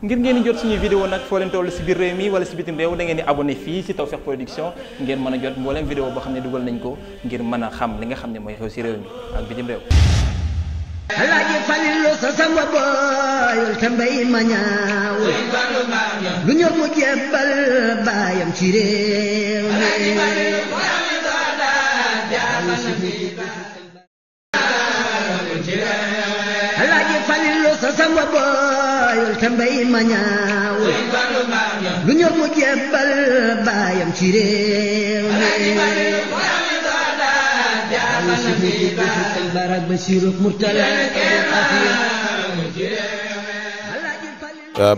ngir ngeen jot suñu vidéo nag foo leen toll si biir réew mi wala si bitim réew da ngeen di abonné fii si Tawfekh Production ngeen mën a jot mbooleem vidéo boo xam ne dugal nañ ko ngir mën a xam li nga xam ne mooy xew si réew mi ak bitim réew ma ñaaw lu ñëw mu jébbal baayam ci réew mi sa samba booyul euh, te mbay ma ñaaw lu ñor mu jébbal baayam ci réew mi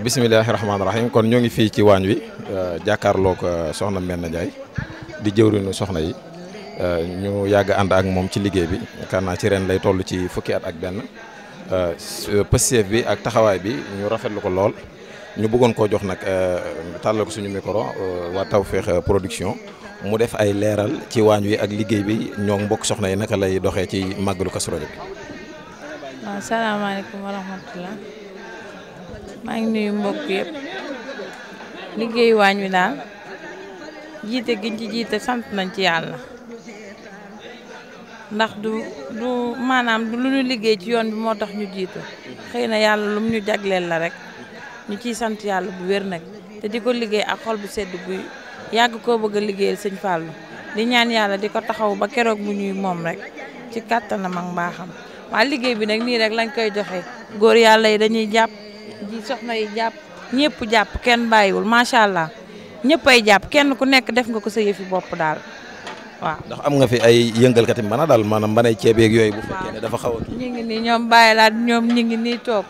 bismillaahi rahmaani rahiim kon ñoo ngi fii ci waañ wi euh, jàkkaarloo ko euh, soxna Mbène Ndiaye di jëwriñu soxna yi ñu yàgg ànd ak moom ci liggéey bi yaakaar ci ren lay toll ci fukki at ak benn Euh, euh, pëstéef bi ak taxawaay bi ñu rafetlu ko lool ñu bëggoon koo jox nag euh, tàllal ko suñu micro waa Tawfekh Production mu def ay leeral ci waañ wi ak liggéey bi ñoo mbokk soxna yi naka lay doxee ci màgglu Kazu Rajab bi. waaw salaamaaleykum wa maa ngi nuyu mbokk yëpp liggéey waañ wi daal jiite giñ ci jiite sant nañ ci yàlla. ndax du du maanaam lu ñu liggéey ci yoon bi moo tax ñu jiitu xëy na yàlla lu mu ñu jagleel la rek ñu ciy sant yàlla bu wér nag te di ko liggéey ak xol bu sedd buy yàgg koo bëgg a liggéeyal sëñ Fallou di ñaan yàlla di ko taxaw ba keroog bu ñuy moom rek ci kàttanam ak mbaaxam waa liggéey bi nag nii rek lañ koy joxe góor yàlla yi dañuy jàpp ji soxna yi jàpp ñëpp jàpp kenn bàyyiwul macha allah ñëpp ay jàpp kenn ku nekk def nga ko sa yëfi bopp daal. waaw ndax am nga fi ay yëngal yëngalkati mbana daal maanaam mbanay ceeb yooyu bu fekkee ne dafa xaw a ñu ngi nii ñoom bàyyi laat ñoom ñu ngi nii toog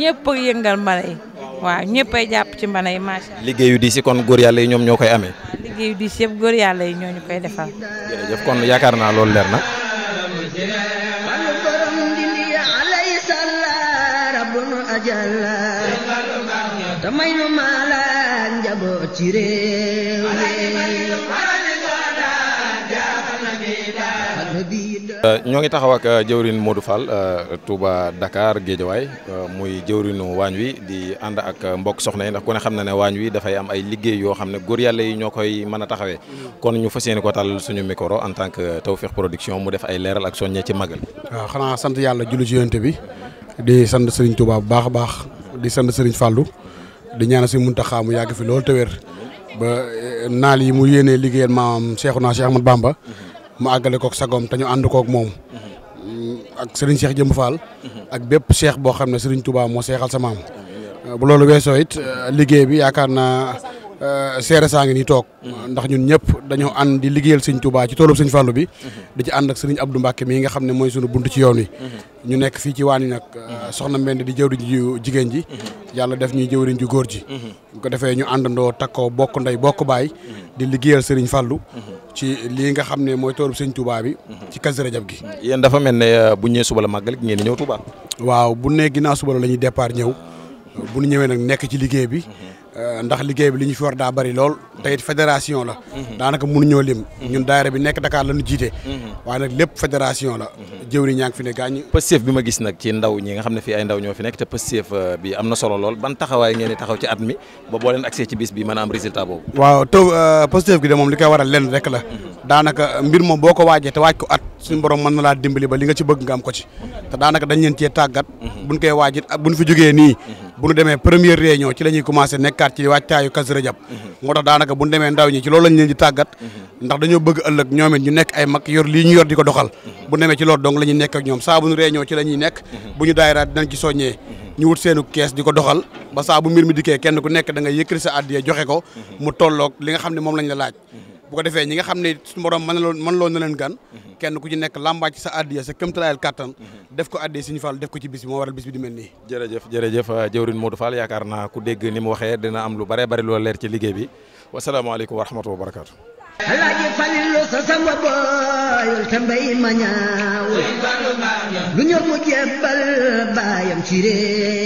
ñëpp yëngal mbana yi waaw ñëpp ay jàpp ci mbana yi macha allah liggéeyu di si kon góor yàlla yi ñoo koy amee liggéeyu di si yëpp yàlla yi ñoo ñu koy defal jërëjëf kon yaakaar naa loolu leer na Euh, ñoo ngi taxaw ak euh, jëwrin Modou Fall euh, Touba Dakar Géejawaay muy jëwrinu waañ wi di ànd ak mbokk soxna yi ndax ku ne xam na ne waañ wi dafay am ay liggéey yoo xam ne góor yàlla yi ñoo koy mën a taxawee mm-hmm. kon ñu fas yéene ko tàllal suñu micro en tant que Tawfekh Production mu def ay leeral ak soññe ci magal waaw xanaa sant yàlla julli ci yonent bi di sant sëriñ Touba bu baax a baax di sant Serigne Fallou di ñaanal si mun Muntaxa mu yàgg fi loolu te ba naal yi mu yéenee liggéeyal maam Cheikhouna Cheikh Ahmad Bamba mm-hmm. mu àggale kook sagoom te ñu ànd kook moom. ak sëriñ Cheikh Jëmb Fall. ak bépp cheikh boo xam ne sëriñ Touba moo seexal sa maam. bu loolu weesoo it liggéey bi yaakaar na Euh, seere saa ngi nii toog ndax ñun ñëpp dañoo ànd di liggéeyal sëñ Touba ci toolub sëñ Fallou bi di ci ànd ak sëriñ Abdou Mbacke mii nga xam ne mooy sunu bunt ci yoon wi mhm. ñu nekk fii ci waan yi nag euh, mhm. soxna Mbende di jëwriñ jigéen ji mhm. yàlla def ñuy jëwriñ ju góor ji bu ko defee ñu àndandoo takkoo bokk ndey bokk baay di liggéeyal sëriñ Fallou ci lii nga xam ne mooy toolub sëñ Touba bi ci Kazu Rajab gi yéen dafa mel ne euh, bu ñëwee suba la màggal ngeen di ñëw Touba waaw suba la ñuy ñëw ñëwee nag nekk ci liggéey bi Euh, ndax liggéey bi li ñu fi war daa bari lool te it fédération la mhm. daanaka mënuñoo lim mhm. ñun daayira bi nekk Dakar la ñu jiite mhm. waaye nag lépp fédération la jëwri ñaa ngi fi ne gaañ pëstéef bi ma gis nag ci ndaw ñi nga xam ne fi ay ndaw ñoo fi nekk te pëstéef euh, bi am na solo lool ban taxawaay ngeen di taxaw ci at mi ba boo leen accès ci bis bi mën a am résultat boobu waaw taw euh, pëstéef gi de moom li koy waral lenn rek la daanaka mbir moom boo ko waajee te waaj ko at suñu borom mën na laa dimbali ba li nga ci bëgg nga am ko ci te daanaka dañ leen cee tàggat mhm. buñ koy waajit buñ fi jógee nii mhm. bu ñu demee première réunion ci la ñuy commencé nekkaat ci waajtaayu Kazu Rajab mhm. moo tax bu ñu demee ndaw ci loolu lañ leen di tàggat ndax dañoo bëgg ëllëg ñoom ñu nekk ay mag yor lii ñu yor di ko doxal bu demee ci loolu donc la ñuy nekk ak ñoom saa bu ñu réunion ci la ñuy nekk bu ñu daayiraat dinañ ci soññee ñu wut seenu kees di ko doxal ba saa bu mbir mi dikkee kenn ku nekk da nga yëkkati sa addiya joxe ko mu tolloog li nga xam ne moom lañ la laaj bu ko defee ñi nga xam ne suñu borom mën loo mën loo na leen gan mhm. kenn ku ci nekk làmbaaj sa addiya sa këmtalaayal kàttan mhm. def ko addiya ñu Fall def ko ci bis bi moo waral bis bi di mel nii jërëjëf jërëjëf euh, jëwrin Modou faal yaakaar naa ku dégg ni mu waxee dina am lu bare bari loo leer ci liggéey bi wasalaamaaleykum wa rahmatulah wa barakaatu lu ñor mu jebal baayam ci réew